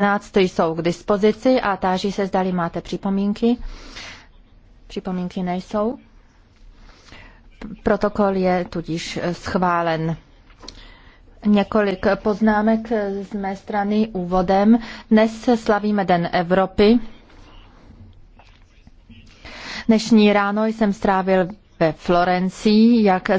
12 jsou k dispozici a táží se, zdali máte připomínky. Připomínky nejsou. Protokol je tudíž schválen. Několik poznámek z mé strany úvodem. Dnes slavíme Den Evropy. Dnešní ráno jsem strávil ve Florencii, jak